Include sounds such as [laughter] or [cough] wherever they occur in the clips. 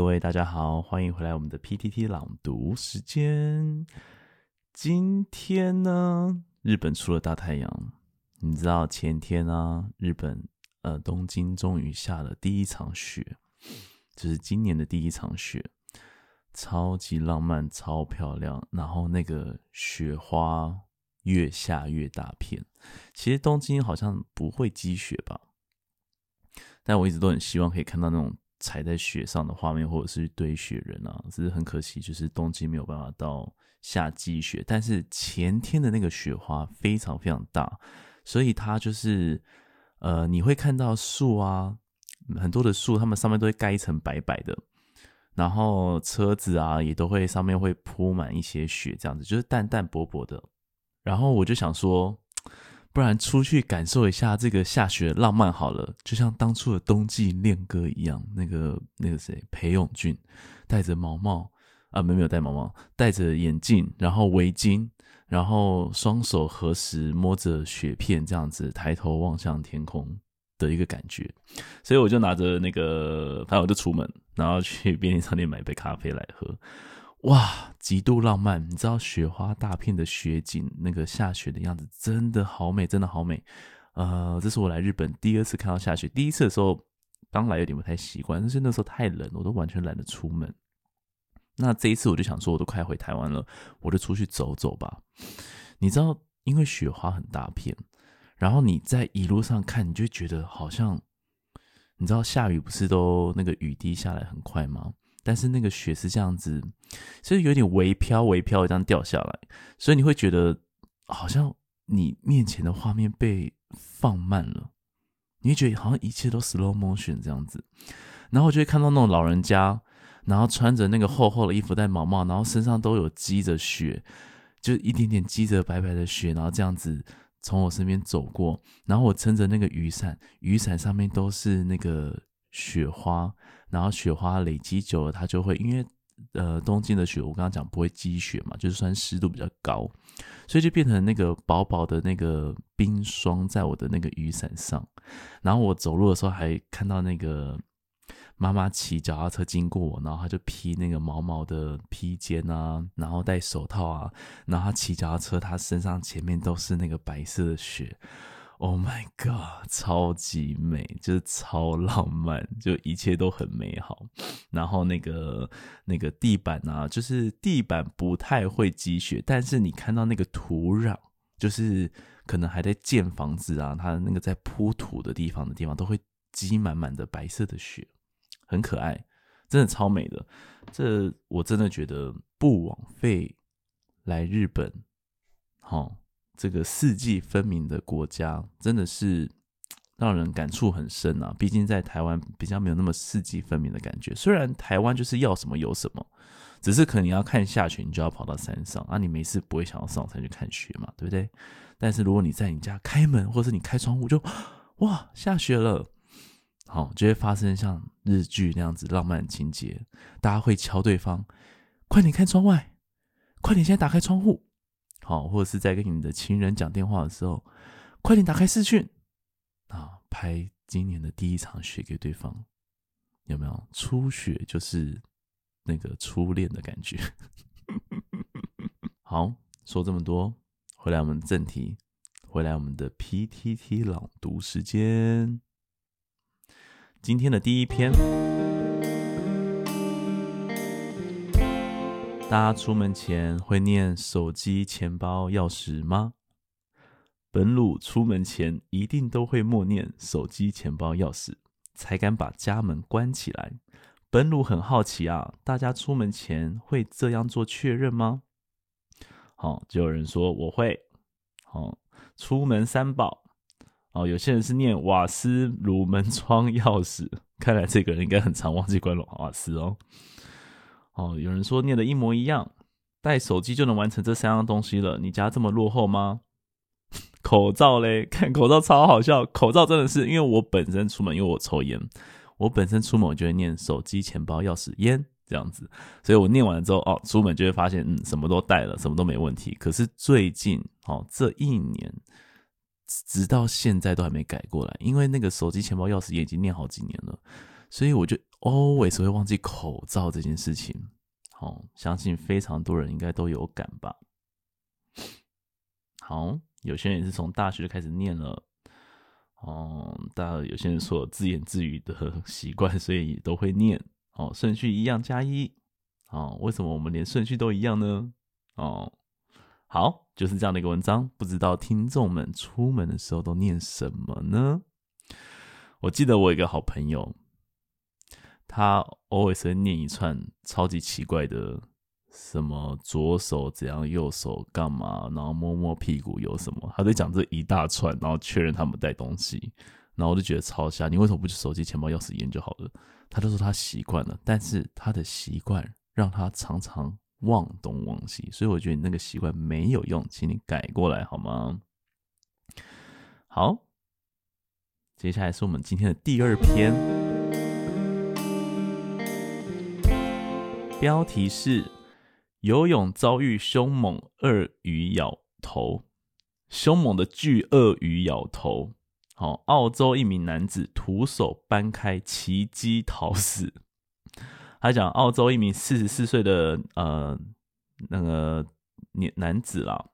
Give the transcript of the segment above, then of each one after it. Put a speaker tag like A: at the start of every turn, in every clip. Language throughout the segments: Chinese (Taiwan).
A: 各位大家好，歡迎回來我們的 PTT 朗讀時間。今天呢，日本出了大太陽。你知道前天呢、啊，日本呃東京終於下了第一場雪，就是今年的第一場雪，超級浪漫，超漂亮。然後那個雪花越下越大片，其實東京好像不會積雪吧？但我一直都很希望可以看到那種。踩在雪上的畫面，或者是堆雪人啊，只是很可惜，就是冬季沒有辦法到下積雪。但是前天的那個雪花非常非常大，所以它就是，呃，你會看到樹啊，很多的樹，它們上面都會蓋一層白白的，然後車子啊也都會上面會鋪滿一些雪，這樣子就是淡淡薄薄的。然後我就想說。不然出去感受一下這個下雪浪漫好了，就像當初的冬季戀歌一樣，那個那個誰，裴勇俊，戴着毛帽啊，沒沒有戴毛帽，戴着眼鏡，然後圍巾，然後雙手合十摸着雪片，這樣子抬頭望向天空的一個感覺。所以我就拿着那個，然後我就出門，然後去便利商店買一杯咖啡來喝。哇，極度浪漫！你知道雪花大片的雪景，那個下雪的樣子真的好美，真的好美。呃，這是我來日本第二次看到下雪，第一次的時候剛來有點不太習慣，但是那時候太冷，我都完全懶得出門。那這一次我就想說，我都快回台灣了，我就出去走走吧。你知道，因為雪花很大片，然後你在一路上看，你就覺得好像你知道下雨不是都那個雨滴下來很快嗎？但是那個雪是這樣子。所以有點微飄，微飄這樣掉下來，所以你會覺得好像你面前的畫面被放慢了，你會覺得好像一切都 slow motion 這樣子，然後我就會看到那種老人家，然後穿着那個厚厚的衣服，戴毛帽，然後身上都有積着雪，就一點點積着白白的雪，然後這樣子從我身邊走過，然後我撐着那個雨傘，雨傘上面都是那個雪花，然後雪花累積久了，它就會因為。呃，東京的雪，我剛剛講不會積雪嘛，就是雖然濕度比較高，所以就變成那個薄薄的那個冰霜在我的那個雨傘上。然後我走路的時候還看到那個媽媽騎腳踏車經過我，然後她就披那個毛毛的披肩啊，然後戴手套啊，然後她騎腳踏車，她身上前面都是那個白色的雪。Oh my god，超級美，就是超浪漫，就一切都很美好。然後那個那個地板啊，就是地板不太會積雪，但是你看到那個土壤，就是可能還在建房子啊，它那個在鋪土的地方的地方，都會積滿滿的白色的雪，很可愛，真的超美的。這我真的覺得不枉費來日本，好。這個四季分明的國家，真的是讓人感觸很深啊！畢竟在台灣比較沒有那麼四季分明的感覺。雖然台灣就是要什麼有什麼，只是可能你要看下雪，你就要跑到山上啊！你沒事不會想要上山去看雪嘛，對不對？但是如果你在你家開門，或是你開窗戶就，就哇下雪了，好，就會發生像日劇那樣子浪漫情節，大家會敲對方，快點看窗外，快點先打開窗戶。好，或者是在跟你的親人講電話的時候，快點打開視訊啊，拍今年的第一場雪給對方，有沒有？初雪就是那個初戀的感覺。 [laughs] 好，說這麼多，回來我們正題，回來我們的 PTT 朗讀時間。今天的第一篇。大家出門前會念手機、錢包、鑰匙嗎？本魯出門前一定都會默念手機、錢包、鑰匙，才敢把家門關起來。本魯很好奇啊，大家出門前會這樣做確認嗎？好、哦，就有人說我會。好、哦，出門三寶。哦，有些人是念瓦斯、爐門、窗鑰匙。看來這個人應該很常忘記關了瓦斯哦。哦，有人說念的一模一樣，帶手機就能完成這三樣東西了。你家這麼落後嗎？ [laughs] 口罩嘞，看口罩超好笑。口罩真的是因為我本身出門，因為我抽煙，我本身出門我就會念手機、錢包、鑰匙、煙這樣子。所以我念完了之後，哦，出門就會發現，嗯，什麼都帶了，什麼都沒問題。可是最近，哦，這一年直到現在都還沒改過來，因為那個手機、錢包、鑰匙也已經念好幾年了。所以我就 always 會忘記口罩這件事情。哦，相信非常多人應該都有感吧。好，有些人也是從大學就開始念了。哦，當然有些人說自言自語的習慣，所以也都會念。哦，順序一樣，加一。哦，為什麼我們連順序都一樣呢？哦，好，就是這樣的一個文章。不知道聽眾們出門的時候都念什麼呢？我記得我有一個好朋友。他偶爾是念一串超級奇怪的，什麼左手怎樣，右手幹嘛，然後摸摸屁股有什麼，他就講這一大串，然後確認他們帶東西，然後我就覺得超瞎。你為什麼不去手機、錢包、鑰匙、菸就好了？他就說他習慣了，但是他的習慣讓他常常忘東忘西，所以我覺得你那個習慣沒有用，請你改過來好嗎？好，接下來是我們今天的第二篇。標題是：游泳遭遇兇猛鱷魚咬頭，兇猛的巨鱷魚咬頭。好，澳洲一名男子徒手搬開，奇蹟逃死。他講，澳洲一名四十四歲的呃那個年男子啦，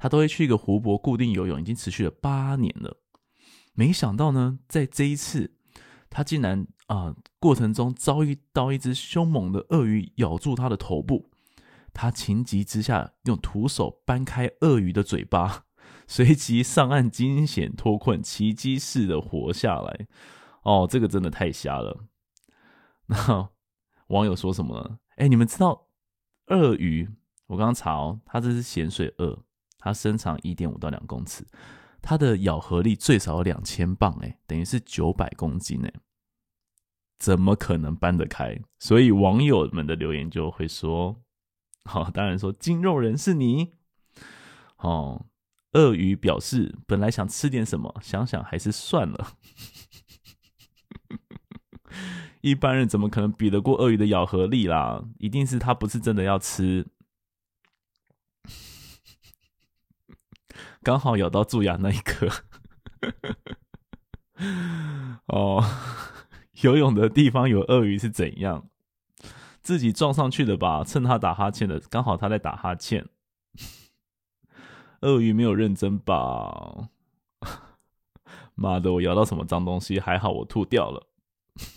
A: 他都會去一個湖泊固定游泳，已經持續了八年了。沒想到呢，在這一次，他竟然。啊！過程中遭遇到一隻兇猛的鱷魚咬住他的頭部，他情急之下用徒手掰開鱷魚的嘴巴，隨即上岸驚險脫困，奇蹟似的活下來。哦，這個真的太瞎了。那網友說什麼呢？哎、欸，你們知道鱷魚？我剛剛查哦，它這是鹹水鱷，它身長一點五到兩公尺，它的咬合力最少有兩千磅，欸，哎，等於是九百公斤呢，欸。怎麼可能搬得開？所以網友們的留言就會說：“好、哦，當然說筋肉人是你哦。”鱷魚表示本來想吃點什麼，想想還是算了。一般人怎麼可能比得過鱷魚的咬合力啦？一定是他不是真的要吃，剛好咬到蛀牙，那一刻。哦。游泳的地方有鱷魚是怎樣？自己撞上去的吧？趁他打哈欠的，剛好他在打哈欠。鱷 [laughs] 魚沒有認真吧？媽 [laughs] 的，我咬到什麼髒東西？還好我吐掉了，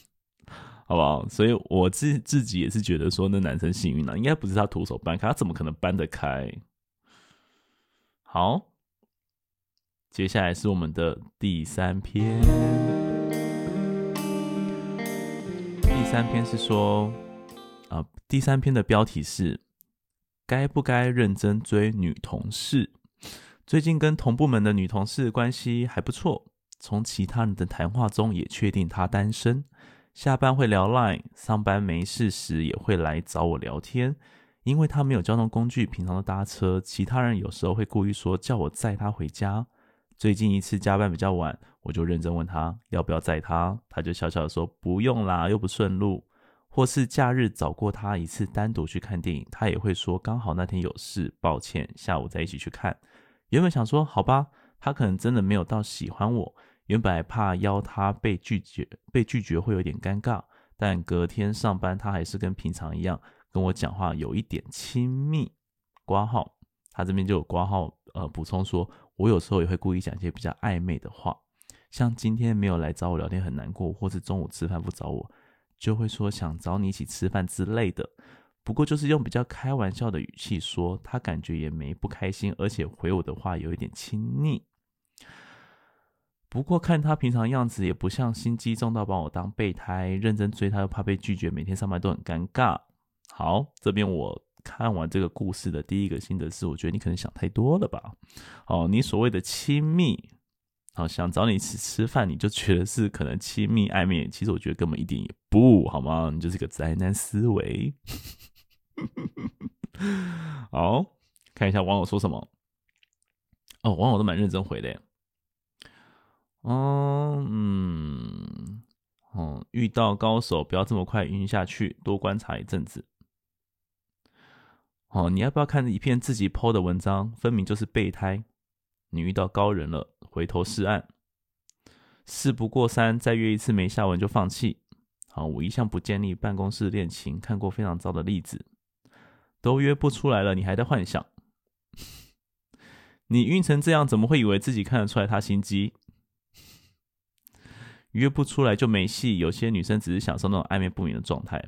A: [laughs] 好不好？所以，我自自己也是覺得說，那男生幸運了啊，應該不是他徒手搬開，他怎麼可能搬得開？好，接下來是我們的第三篇。第三篇是說，啊、呃，第三篇的標題是該不該認真追女同事？最近跟同部門的女同事關係還不錯，從其他人的談話中也確定她單身。下班會聊 Line，上班沒事時也會來找我聊天，因為她沒有交通工具，平常都搭車。其他人有時候會故意說叫我載她回家。最近一次加班比較晚，我就認真問他要不要載他，他就笑笑說，不用啦，又不順路。或是假日找過他一次單獨去看電影，他也會說剛好那天有事，抱歉，下午再一起去看。原本想說好吧，他可能真的沒有到喜歡我，原本還怕邀他被拒絕，被拒絕會有點尷尬。但隔天上班，他還是跟平常一樣跟我講話，有一點親密。括號，他這邊就有括號，呃，補充說。我有時候也會故意講一些比較曖昧的話，像今天沒有來找我聊天很難過，或是中午吃飯不找我，就會說想找你一起吃飯之類的。不過就是用比較開玩笑的語氣說，他感覺也沒不開心，而且回我的話有一點親昵。不過看他平常樣子，也不像心機重到把我當備胎，認真追他又怕被拒絕，每天上班都很尷尬。好，這邊我。看完這個故事的第一個心得是，我覺得你可能想太多了吧？哦，你所謂的親密，好、哦、想找你一起吃飯，吃你就覺得是可能親密曖昧，其實我覺得根本一點也不好嗎？你就是個宅男思維。 [laughs] 好，看一下網友說什麼。哦，網友都蠻認真回的耶。嗯嗯，哦，遇到高手不要這麼快暈下去，多觀察一陣子。哦，你要不要看一篇自己 po 的文章？分明就是備胎。你遇到高人了，回頭是岸。事不過三，再約一次沒下文就放棄。好，我一向不建立辦公室戀情，看過非常糟的例子，都約不出來了，你還在幻想？ [laughs] 你暈成這樣，怎麼會以為自己看得出來他心機？ [laughs] 約不出來就沒戲。有些女生只是享受那種曖昧不明的狀態。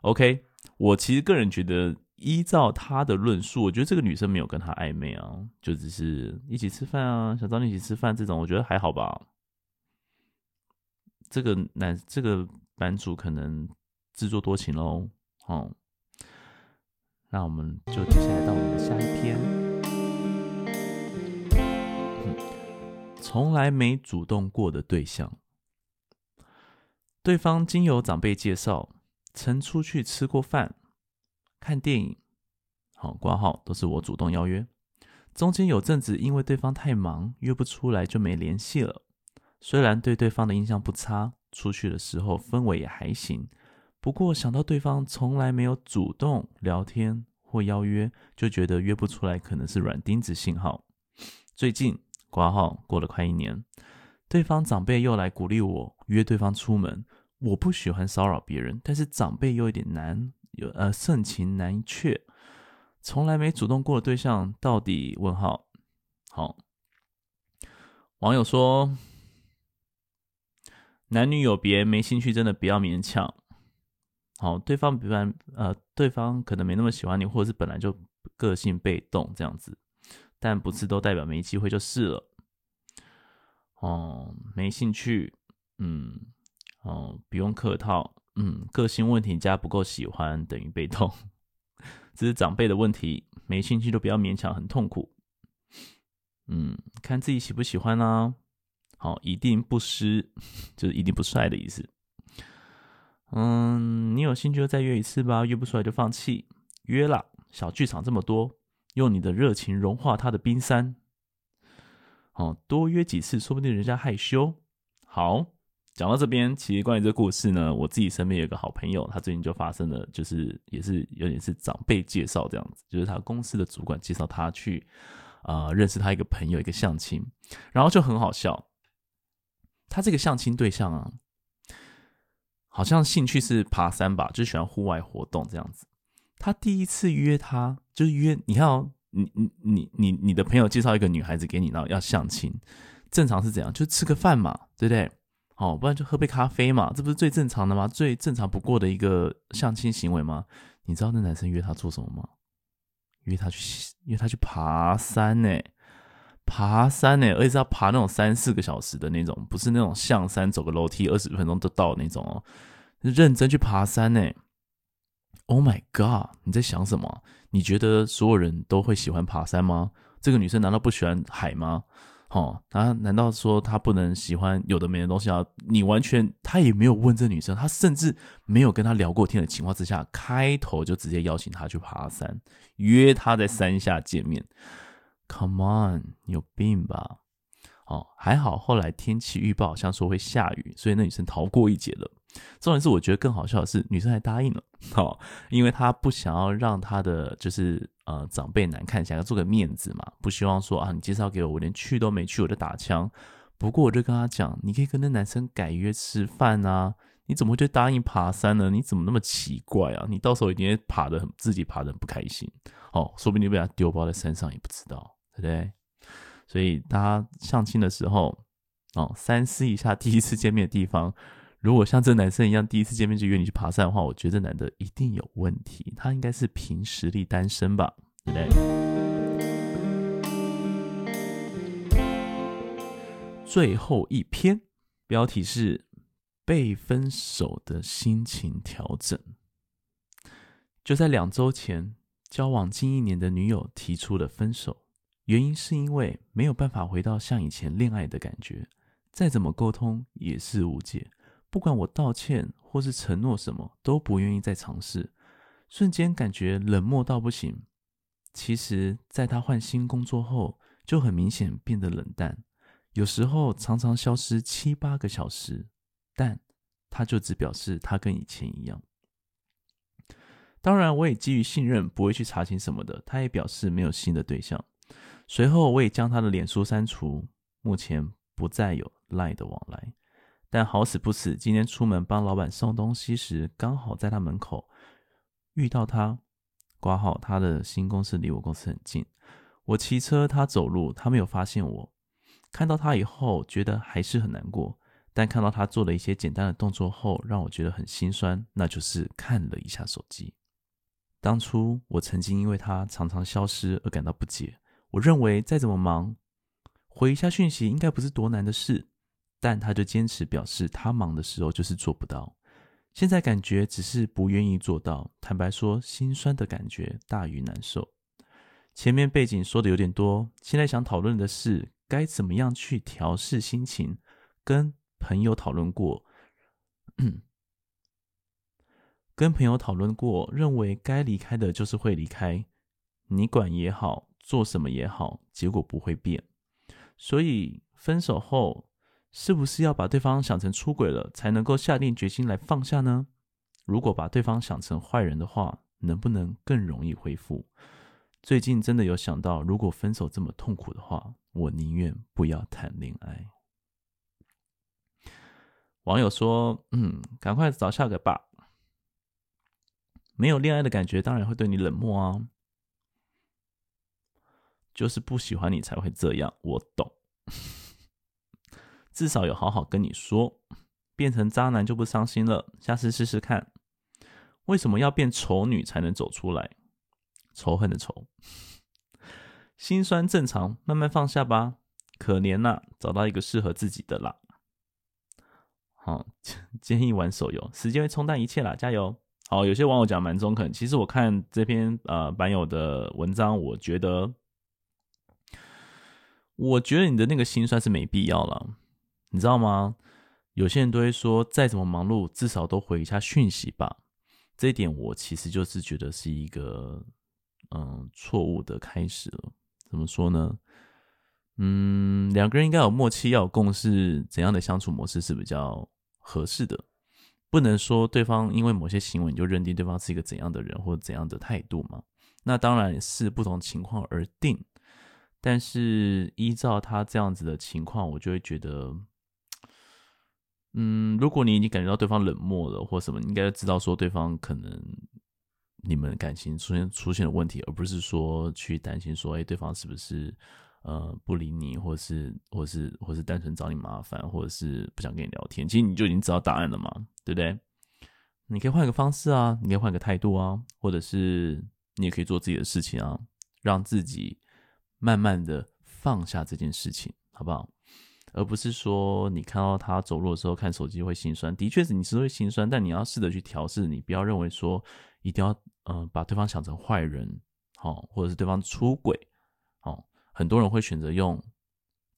A: OK，我其實個人覺得。依照他的論述，我覺得這個女生沒有跟他曖昧啊，就只是一起吃飯啊，想找你一起吃飯這種，我覺得還好吧。這個男，這個版主可能自作多情嘍，哦、嗯。那我們就接下來到我們的下一篇。從來沒主動過的對象，對方經由長輩介紹，曾出去吃過飯。看電影，好括號都是我主動邀約。中間有陣子因為對方太忙約不出來就沒聯繫了。雖然對對方的印象不差，出去的時候氛圍也還行，不過想到對方從來沒有主動聊天或邀約，就覺得約不出來可能是軟釘子信號。最近括號過了快一年，對方長輩又來鼓勵我約對方出門。我不喜歡騷擾別人，但是長輩又有點難。有呃，盛情難卻，從來沒主動過的對象到底問號？好。網友說，男女有別，沒興趣真的不要勉強。好，對方比方，呃，對方可能沒那麼喜歡你，或者是本來就個性被動這樣子，但不是都代表沒機會就是了。哦，沒興趣，嗯，哦，不用客套。嗯，個性問題加不夠喜歡等於被動，這是長輩的問題，沒興趣就不要勉強，很痛苦。嗯，看自己喜不喜歡啦，啊。好，一定不失，就是一定不帥的意思。嗯，你有興趣就再約一次吧，約不出來就放棄。約啦，小劇場這麼多，用你的熱情融化他的冰山。哦，多約幾次，說不定人家害羞。好。講到這邊，其實關於這個故事呢，我自己身邊有一個好朋友，他最近就發生了，就是也是有點是長輩介紹這樣子，就是他公司的主管介紹他去，呃，認識他一個朋友一個相親，然後就很好笑，他這個相親對象啊，好像興趣是爬山吧，就喜歡戶外活動這樣子。他第一次約他，就是約你看、哦，你你你你你的朋友介紹一個女孩子給你，然後要相親，正常是怎樣，就吃個飯嘛，對不對？哦，不然就喝杯咖啡嘛，這不是最正常的嗎？最正常不過的一個相親行為嗎？你知道那男生約她做什麼嗎？約她去，約她去爬山呢、欸？爬山呢、欸？而且是要爬那種三四個小時的那種，不是那種象山走個樓梯二十分鐘就到那種哦，認真去爬山呢、欸？Oh my god！你在想什麼？你覺得所有人都會喜歡爬山嗎？這個女生難道不喜歡海嗎？哦，他難道說他不能喜歡有的沒的東西啊？你完全，他也沒有問這女生，他甚至沒有跟她聊過天的情況之下，開頭就直接邀請她去爬山，約她在山下見面。Come on，你有病吧？哦，還好後來天氣預報好像說會下雨，所以那女生逃過一劫了。重點是，我覺得更好笑的是，女生還答應了哦，因為她不想要讓她的就是呃長輩難看，想要做個面子嘛，不希望說啊，你介紹給我，我連去都沒去，我就打槍。不過我就跟她講，你可以跟那男生改約吃飯啊，你怎麼會就答應爬山呢？你怎麼那麼奇怪啊？你到時候一定會爬得很，自己爬得很不開心哦，說不定就被他丟包在山上也不知道，對不對？所以大家相親的時候哦，三思一下第一次見面的地方。如果像這男生一樣，第一次見面就約你去爬山的話，我覺得這男的一定有問題。他應該是憑實力單身吧？對不對？最後一篇標題是“被分手的心情調整”。就在兩周前，交往近一年的女友提出了分手，原因是因為沒有辦法回到像以前戀愛的感覺，再怎麼溝通也是無解。不管我道歉或是承諾什麼，都不願意再嘗試。瞬間感覺冷漠到不行。其實，在他換新工作後，就很明顯變得冷淡，有時候常常消失七八個小時。但他就只表示他跟以前一樣。當然，我也基於信任，不會去查清什麼的。他也表示沒有新的對象。隨後，我也將他的臉書刪除，目前不再有 Line 的往來。但好死不死，今天出門幫老板送東西時，剛好在他門口遇到他。剛好，他的新公司離我公司很近，我騎車，他走路，他沒有發現我。看到他以後，覺得還是很難過。但看到他做了一些簡單的動作後，讓我覺得很心酸，那就是看了一下手機。當初我曾經因為他常常消失而感到不解，我認為再怎麼忙，回一下訊息應該不是多難的事。但他就堅持表示，他忙的時候就是做不到。現在感覺只是不願意做到。坦白說，心酸的感覺大於難受。前面背景說的有點多，現在想討論的是該怎麼樣去調試心情。跟朋友討論過，跟朋友討論過，認為該離開的就是會離開，你管也好，做什麼也好，結果不會變。所以分手後。是不是要把對方想成出軌了，才能夠下定決心來放下呢？如果把對方想成壞人的話，能不能更容易恢復？最近真的有想到，如果分手這麼痛苦的話，我寧願不要談戀愛。網友說：“嗯，趕快找下個吧，沒有戀愛的感覺，當然會對你冷漠啊，就是不喜歡你才會這樣，我懂。”至少有好好跟你說，變成渣男就不傷心了。下次試試看，為什麼要變醜女才能走出來？仇恨的仇，心酸正常，慢慢放下吧。可憐吶、啊，找到一個適合自己的啦。好，建議玩手遊，時間會沖淡一切啦。加油！好，有些網友講蠻中肯。其實我看這篇呃版友的文章，我覺得，我覺得你的那個心酸是沒必要了。你知道嗎？有些人都會說，再怎麼忙碌，至少都回一下訊息吧。這一點我其實就是覺得是一個，嗯，錯誤的開始了。怎麼說呢？嗯，兩個人應該有默契，要有共識，怎樣的相處模式是比較合適的？不能說對方因為某些行為就認定對方是一個怎樣的人或者怎樣的態度嘛？那當然視不同情況而定。但是依照他這樣子的情況，我就會覺得。嗯，如果你你感覺到對方冷漠了或什麼，你應該知道說對方可能你們的感情出現出現了問題，而不是說去擔心說，哎、欸，對方是不是呃不理你，或是或是或是單純找你麻煩，或者是不想跟你聊天。其實你就已經知道答案了嘛，對不對？你可以換個方式啊，你可以換個態度啊，或者是你也可以做自己的事情啊，讓自己慢慢的放下這件事情，好不好？而不是說你看到他走路的時候看手機會心酸，的確是你是會心酸，但你要試着去調適，你不要認為說一定要嗯把對方想成壞人，好，或者是對方出軌，好，很多人會選擇用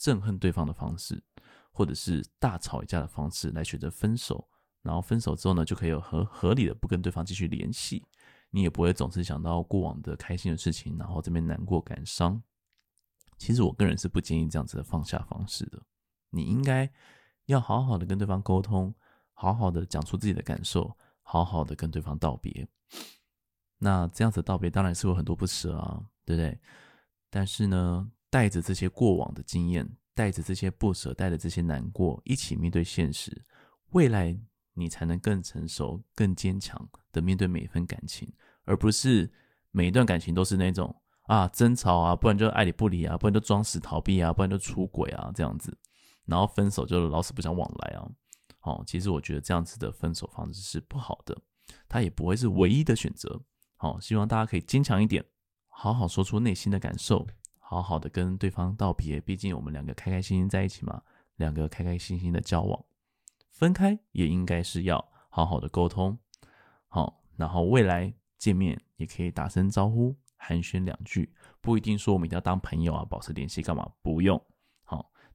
A: 憎恨對方的方式，或者是大吵一架的方式來選擇分手，然後分手之後呢，就可以有合合理的不跟對方繼續聯繫，你也不會總是想到過往的開心的事情，然後這邊難過感傷。其實我個人是不建議這樣子的放下方式的。你應該要好好的跟對方溝通，好好的講出自己的感受，好好的跟對方道別。那這樣子的道別當然是有很多不捨啊，對不對？但是呢，帶着這些過往的經驗，帶着這些不捨，帶着這些難過，一起面對現實，未來你才能更成熟、更堅強的面對每一份感情，而不是每一段感情都是那種啊爭吵啊，不然就愛理不理啊，不然就裝死逃避啊，不然就出軌啊，這樣子。然後分手就是老死不相往來啊！好、哦，其實我覺得這樣子的分手方式是不好的，他也不會是唯一的選擇。好、哦，希望大家可以堅強一點，好好說出內心的感受，好好的跟對方道別。畢竟我們兩個開開心心在一起嘛，兩個開開心心的交往，分開也應該是要好好的溝通。好、哦，然後未來見面也可以打聲招呼，寒暄兩句，不一定說我們一定要當朋友啊，保持聯繫幹嘛？不用。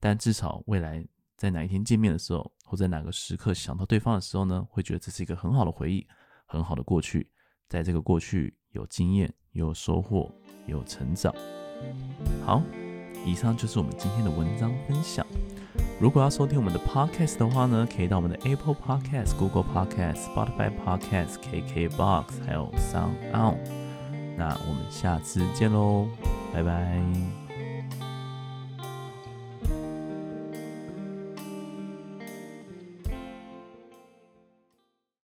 A: 但至少未來在哪一天見面的時候，或者在哪個時刻想到對方的時候呢，會覺得這是一個很好的回憶，很好的過去，在這個過去有經驗，有收穫，有成長。好，以上就是我們今天的文章分享。如果要收聽我們的 Podcast 的話呢，可以到我們的 Apple Podcast、Google Podcast、Spotify Podcast、KKBox 還有 Sound On。那我們下次見嘍，拜拜。